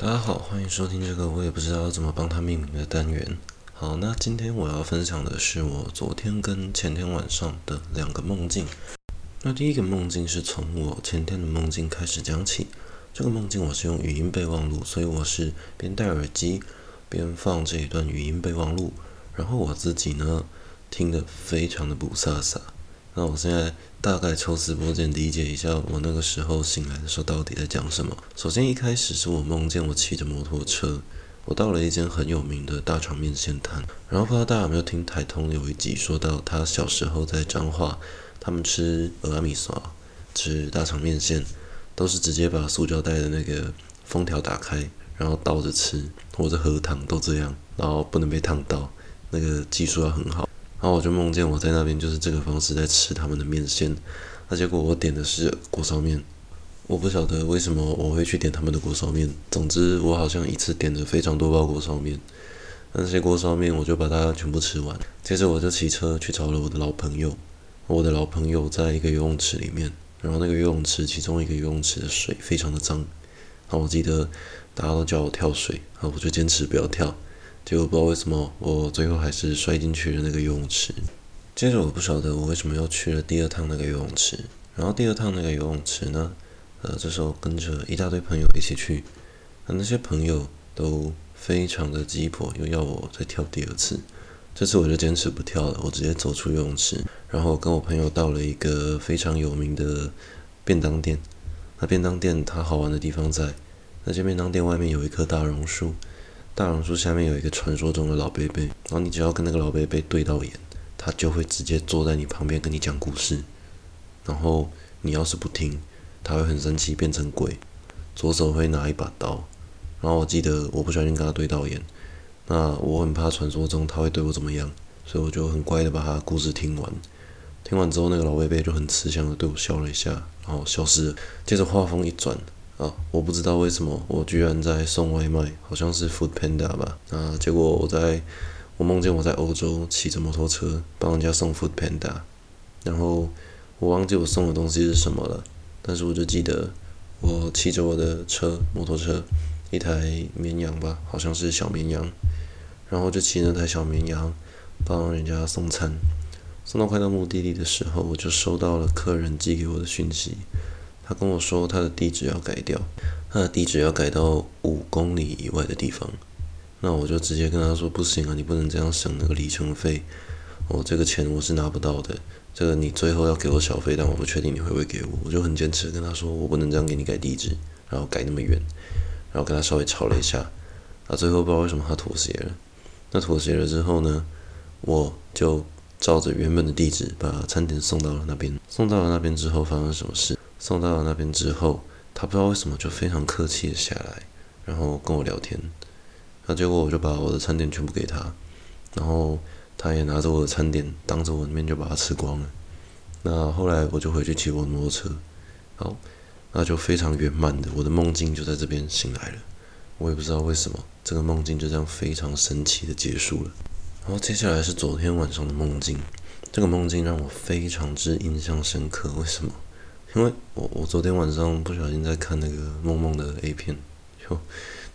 大家好，歡迎收聽這個我也不知道要怎麼幫他命名的單元。好，那今天我要分享的是我昨天跟前天晚上的兩個夢境。那第一個夢境是從我前天的夢境開始講起。這個夢境我是用語音備忘錄，所以我是邊戴耳機邊放這一段語音備忘錄，然後我自己呢，聽得非常的不瀟灑。那我現在大概抽絲剝繭理解一下，我那個時候醒來的時候到底在講什麼？首先一開始是我夢見我騎着摩托車，我到了一間很有名的大腸麵線攤。然後不知道大家有沒有聽台通有一集說到，他小時候在彰化，他們吃蚵仔米線、吃大腸麵線，都是直接把塑膠袋的那個封條打開，然後倒着吃，或者喝湯都這樣，然後不能被燙到，那個技術要很好。然後我就夢見我在那邊，就是這個方式在吃他們的麵線。那結果我點的是鍋燒麵，我不曉得為什麼我會去點他們的鍋燒麵。總之，我好像一次點了非常多包鍋燒麵，那些鍋燒麵我就把它全部吃完。接着我就騎車去找了我的老朋友，我的老朋友在一個游泳池裡面。然後那個游泳池，其中一個游泳池的水非常的髒。然後我記得大家都叫我跳水，然後我就堅持不要跳。結果不知道為什麼，我最後還是摔進去了那個游泳池。接着我不曉得我為什麼又去了第二趟那個游泳池。然後第二趟那個游泳池呢，呃，這時候跟着一大堆朋友一起去，那那些朋友都非常的急迫，又要我再跳第二次。這次我就堅持不跳了，我直接走出游泳池，然後跟我朋友到了一個非常有名的便當店。那便當店它好玩的地方在，那些便當店外面有一棵大榕樹。大榕樹下面有一個傳說中的老伯伯，然後你只要跟那個老伯伯對到眼，他就會直接坐在你旁邊跟你講故事。然後你要是不聽，他會很生氣，變成鬼，左手會拿一把刀。然後我記得我不小心跟他對到眼，那我很怕傳說中他會對我怎麼樣，所以我就很乖的把他的故事聽完。聽完之後，那個老伯伯就很慈祥的對我笑了一下，然後消失了。接着畫風一轉。啊、哦，我不知道為什麼我居然在送外賣，好像是 Food Panda 吧。啊，結果我在我夢見我在歐洲騎着摩托車幫人家送 Food Panda，然後我忘記我送的東西是什麼了，但是我就記得我騎着我的車摩托車，一台綿羊吧，好像是小綿羊，然後就騎着那台小綿羊幫人家送餐。送到快到目的地的時候，我就收到了客人寄給我的訊息。他跟我說，他的地址要改掉，他的地址要改到五公里以外的地方。那我就直接跟他說：“不行啊，你不能這樣省那個里程費，我、哦、這個錢我是拿不到的。這個你最後要給我小費，但我不確定你會不會給我。”我就很堅持跟他說：“我不能這樣給你改地址，然後改那麼遠。”然後跟他稍微吵了一下，啊，最後不知道為什麼他妥協了。那妥協了之後呢，我就照着原本的地址把餐點送到了那邊。送到了那邊之後，發生了什麼事？送到了那邊之後，他不知道為什麼就非常客氣的下來，然後跟我聊天。那結果我就把我的餐點全部給他，然後他也拿着我的餐點，當着我的面就把它吃光了。那後來我就回去騎我的摩托車，好，那就非常圓滿的，我的夢境就在這邊醒來了。我也不知道為什麼，這個夢境就這樣非常神奇的結束了。然後接下來是昨天晚上的夢境，這個夢境讓我非常之印象深刻，為什麼？因為我我昨天晚上不小心在看那個夢夢的 A 片，就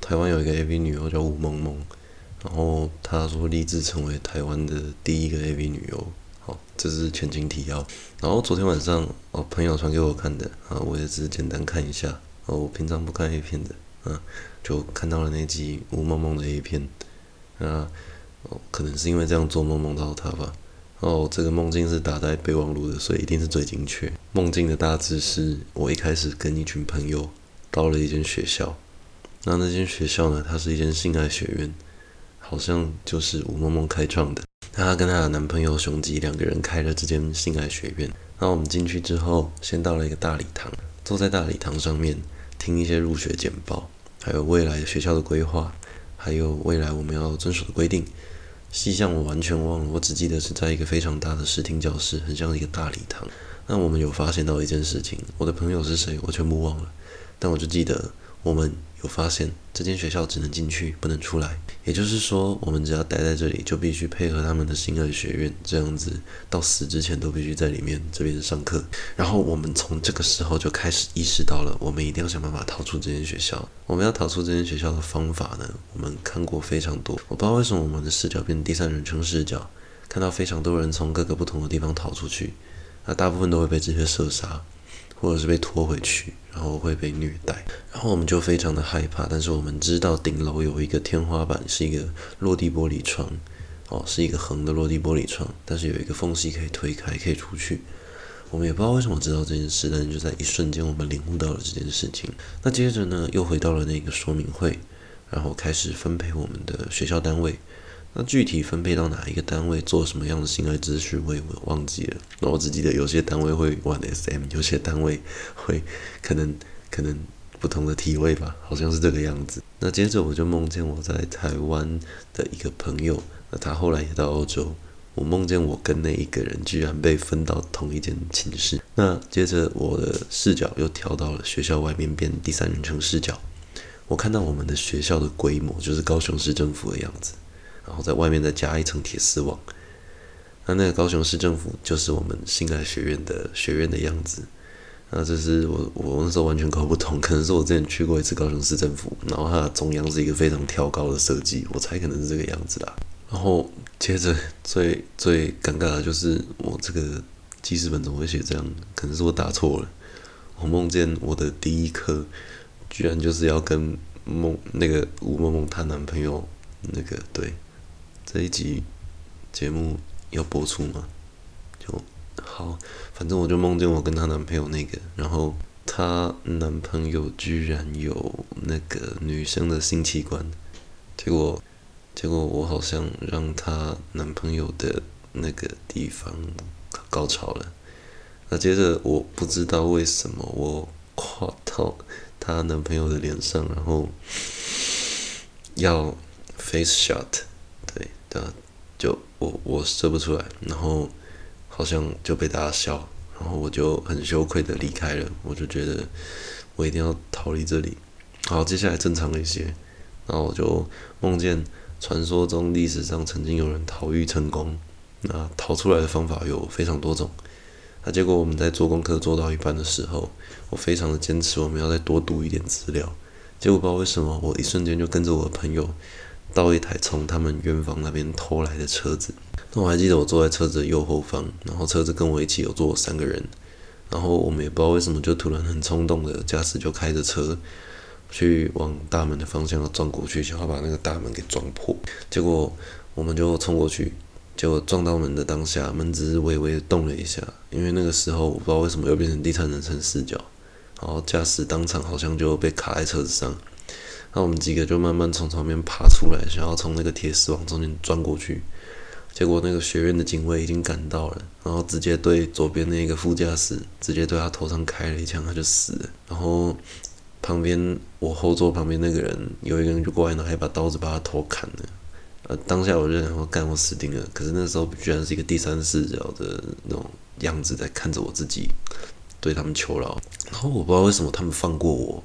台灣有一個 AV 女優叫吳夢夢，然後她說，立志成為台灣的第一個 AV 女優。好，這是前情提要。然後昨天晚上，哦，朋友傳給我看的，啊，我也只是簡單看一下，哦，我平常不看 A 片的，啊，就看到了那集吳夢夢的 A 片，啊，哦，可能是因為這樣做夢夢到她吧。哦，這個夢境是打在備忘錄的，所以一定是最精確。夢境的大致是我一開始跟一群朋友到了一間學校，那那間學校呢，它是一間性愛學院，好像就是吳夢夢開創的。她跟她的男朋友熊吉兩個人開了這間性愛學院。那我們進去之後，先到了一個大禮堂，坐在大禮堂上面聽一些入學簡報，還有未來學校的規劃，還有未來我們要遵守的規定。細項我完全忘了，我只記得是在一個非常大的視聽教室，很像一個大禮堂。那我們有發現到一件事情，我的朋友是誰我全部忘了，但我就記得我們。有發現，這間學校只能進去，不能出來。也就是說，我們只要待在這裡，就必須配合他們的性愛學院，這樣子到死之前都必須在裡面這邊上課。然後我們從這個時候就開始意識到了，我們一定要想辦法逃出這間學校。我們要逃出這間學校的方法呢？我們看過非常多。我不知道為什麼我們的視角變成第三人稱視角，看到非常多人從各個不同的地方逃出去，那大部分都會被這些射殺。或者是被拖回去，然後會被虐待，然後我們就非常的害怕。但是我們知道頂樓有一個天花板，是一個落地玻璃窗，哦，是一個橫的落地玻璃窗，但是有一個縫隙可以推開，可以出去。我們也不知道為什麼知道這件事，但是就在一瞬間，我們領悟到了這件事情。那接着呢，又回到了那個說明會，然後開始分配我們的學校單位。那具體分配到哪一個單位做什麼樣的性愛姿勢，我也忘記了。那我只記得有些單位會玩 SM，有些單位會可能可能不同的體位吧，好像是這個樣子。那接着我就夢見我在台灣的一個朋友，那他後來也到歐洲。我夢見我跟那一個人居然被分到同一間寢室。那接着我的視角又調到了學校外面，變第三人稱視角。我看到我們的學校的規模，就是高雄市政府的樣子。然後在外面再加一層鐵絲網。那那個高雄市政府就是我們性愛學院的學院的樣子。那這是我我那時候完全搞不懂，可能是我之前去過一次高雄市政府，然後它的中央是一個非常挑高的設計，我猜可能是這個樣子啦。然後接着最最尷尬的就是我這個記事本怎麼會寫這樣？可能是我打錯了。我夢見我的第一課居然就是要跟夢那個吳夢夢她男朋友那個對。這一集節目要播出嗎？就好，反正我就夢見我跟她男朋友那個，然後她男朋友居然有那個女生的性器官，結果結果我好像讓她男朋友的那個地方高潮了，那接着我不知道為什麼我跨到她男朋友的臉上，然後要 face shot。的、啊，就我我射不出來，然後好像就被大家笑，然後我就很羞愧的離開了。我就覺得我一定要逃離這裡。好，接下來正常了一些，然後我就夢見傳說中歷史上曾經有人逃獄成功。那逃出來的方法有非常多種。那、啊、結果我們在做功課做到一半的時候，我非常的堅持我們要再多讀一點資料。結果不知道為什麼，我一瞬間就跟着我的朋友。到一台從他們院方那邊偷來的車子，那我還記得我坐在車子的右後方，然後車子跟我一起有坐三個人，然後我們也不知道為什麼就突然很衝動的駕駛就開着車去往大門的方向撞過去，想要把那個大門給撞破。結果我們就衝過去，結果撞到門的當下，門只是微微動了一下。因為那個時候我不知道為什麼又變成第三人稱視角，然後駕駛當場好像就被卡在車子上。那我們幾個就慢慢從床邊爬出來，想要從那個鐵絲網中間鑽過去。結果那個學院的警衛已經趕到了，然後直接對左邊那個副駕駛，直接對他頭上開了一槍，他就死了。然後旁邊，我後座旁邊那個人，有一個人就過來，然後還把刀子把他頭砍了。呃，當下我就，然後幹，我死定了。可是那時候居然是一個第三視角的那種樣子在看着我自己對他們求饒。然後我不知道為什麼他們放過我。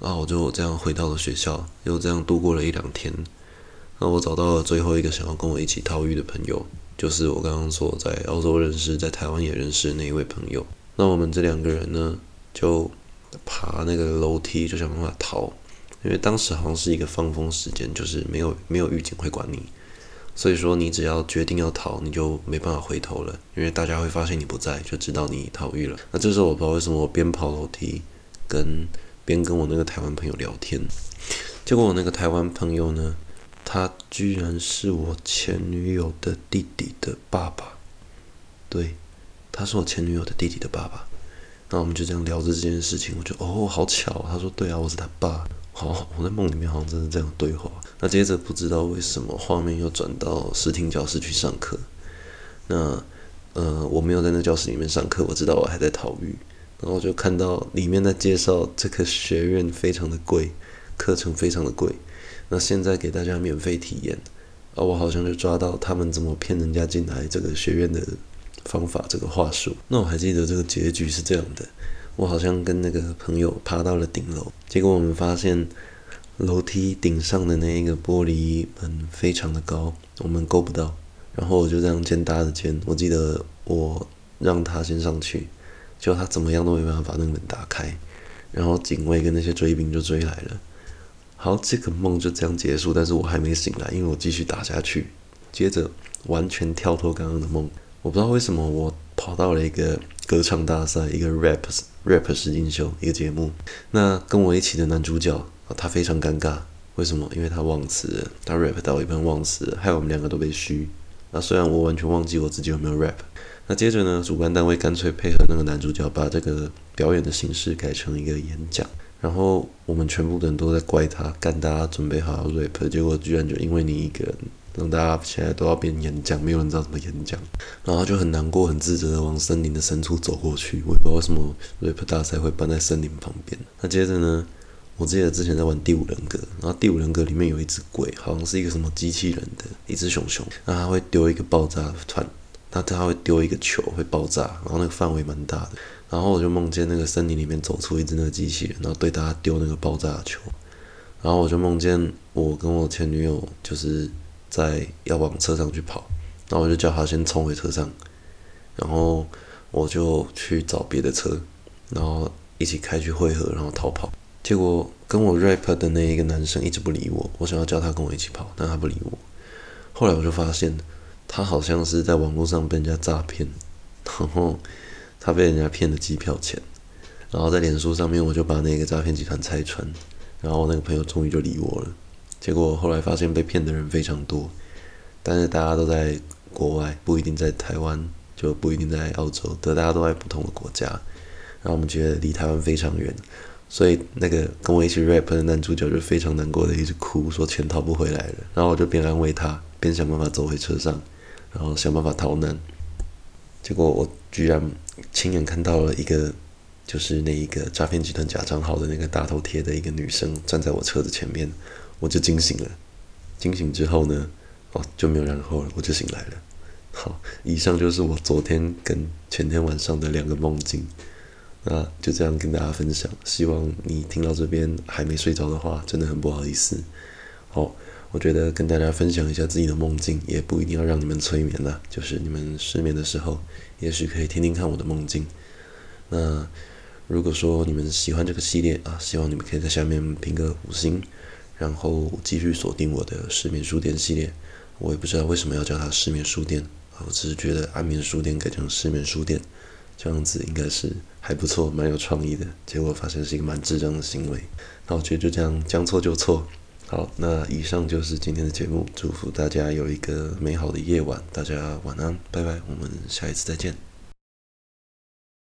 然後、啊、我就這樣回到了學校，又這樣度過了一兩天。那我找到了最後一個想要跟我一起逃獄的朋友，就是我剛剛說在澳洲認識，在台灣也認識的那一位朋友。那我們這兩個人呢，就爬那個樓梯，就想辦法逃。因為當時好像是一個放風時間，就是沒有沒有獄警會管你，所以說你只要決定要逃，你就沒辦法回頭了，因為大家會發現你不在，就知道你逃獄了。那這時候我不知道為什麼我邊跑樓梯跟邊跟我那個台灣朋友聊天，結果我那個台灣朋友呢，他居然是我前女友的弟弟的爸爸，對，他是我前女友的弟弟的爸爸。那我們就這樣聊着這件事情，我覺得哦，好巧。他說：“對啊，我是他爸。”哦，好，我在夢裡面好像真的這樣對話。那接着不知道為什麼畫面又轉到視聽教室去上課。那呃，我沒有在那教室裡面上課，我知道我還在逃獄。然後就看到裡面在介紹，這個學院非常的貴，課程非常的貴。那現在給大家免費體驗。啊，我好像就抓到他們怎麼騙人家進來這個學院的方法，這個話術。那我還記得這個結局是這樣的：我好像跟那個朋友爬到了頂樓，結果我們發現樓梯頂上的那一個玻璃門非常的高，我們夠不到。然後我就這樣肩搭着肩，我記得我讓他先上去。就他怎麼樣都沒辦法把那個門打開，然後警衛跟那些追兵就追來了。好，這個夢就這樣結束，但是我還沒醒來，因為我繼續打下去。接着完全跳脫剛剛的夢，我不知道為什麼我跑到了一個歌唱大賽，一個 rap, r a p rap 是英雄一個節目。那跟我一起的男主角，他非常尷尬，為什麼？因為他忘詞，他 rap 到一半忘詞，害我們兩個都被噓。那雖然我完全忘記我自己有沒有 rap。那接着呢？主辦單位乾脆配合那個男主角，把這個表演的形式改成一個演講。然後我們全部的人都在怪他，幹大家準備好要 rap，結果居然就因為你一個人，讓大家現在都要變演講，沒有人知道怎麼演講。然後就很難過、很自責的往森林的深處走過去。我也不知道為什麼 rap 大賽會辦在森林旁邊。那接着呢？我記得之前在玩《第五人格》，然後《第五人格》裡面有一隻鬼，好像是一個什麼機器人的一隻熊熊，那它會丟一個爆炸團。那他會丟一個球，會爆炸，然後那個範圍蠻大的。然後我就夢見那個森林裡面走出一隻那個機器人，然後對他丟那個爆炸球。然後我就夢見我跟我前女友就是在要往車上去跑，然後我就叫他先衝回車上，然後我就去找別的車，然後一起開去匯合，然後逃跑。結果跟我 rap 的那一個男生一直不理我，我想要叫他跟我一起跑，但他不理我。後來我就發現。他好像是在網絡上被人家詐騙，然後他被人家騙了機票錢，然後在臉書上面我就把那個詐騙集團拆穿，然後那個朋友終於就理我了。結果後來發現被騙的人非常多，但是大家都在國外，不一定在台灣，就不一定在澳洲，都大家都在不同的國家，然後我們覺得離台灣非常遠，所以那個跟我一起 rap 的男主角就非常難過的一直哭，說錢討不回來了。然後我就邊安慰他，邊想辦法走回車上。然後想辦法逃難，結果我居然親眼看到了一個，就是那一個詐騙集團假賬號的那個大頭貼的一個女生站在我車子前面，我就驚醒了。驚醒之後呢，哦，就沒有然後了，我就醒來了。好，以上就是我昨天跟前天晚上的兩個夢境，那就這樣跟大家分享。希望你聽到這邊還沒睡着的話，真的很不好意思。哦。我覺得跟大家分享一下自己的夢境，也不一定要讓你們催眠啦、啊。就是你們失眠的時候，也許可以聽聽看我的夢境。那如果說你們喜歡這個系列啊，希望你們可以在下面評個五星，然後繼續鎖定我的失眠書店系列。我也不知道為什麼要叫它失眠書店啊，我只是覺得安眠書店改成失眠書店，這樣子應該是還不錯，蠻有創意的。結果發現是一個蠻智障的行為，那我覺得就這樣將錯就錯。好，那以上就是今天的節目。祝福大家有一個美好的夜晚，大家晚安，拜拜，我們下一次再見。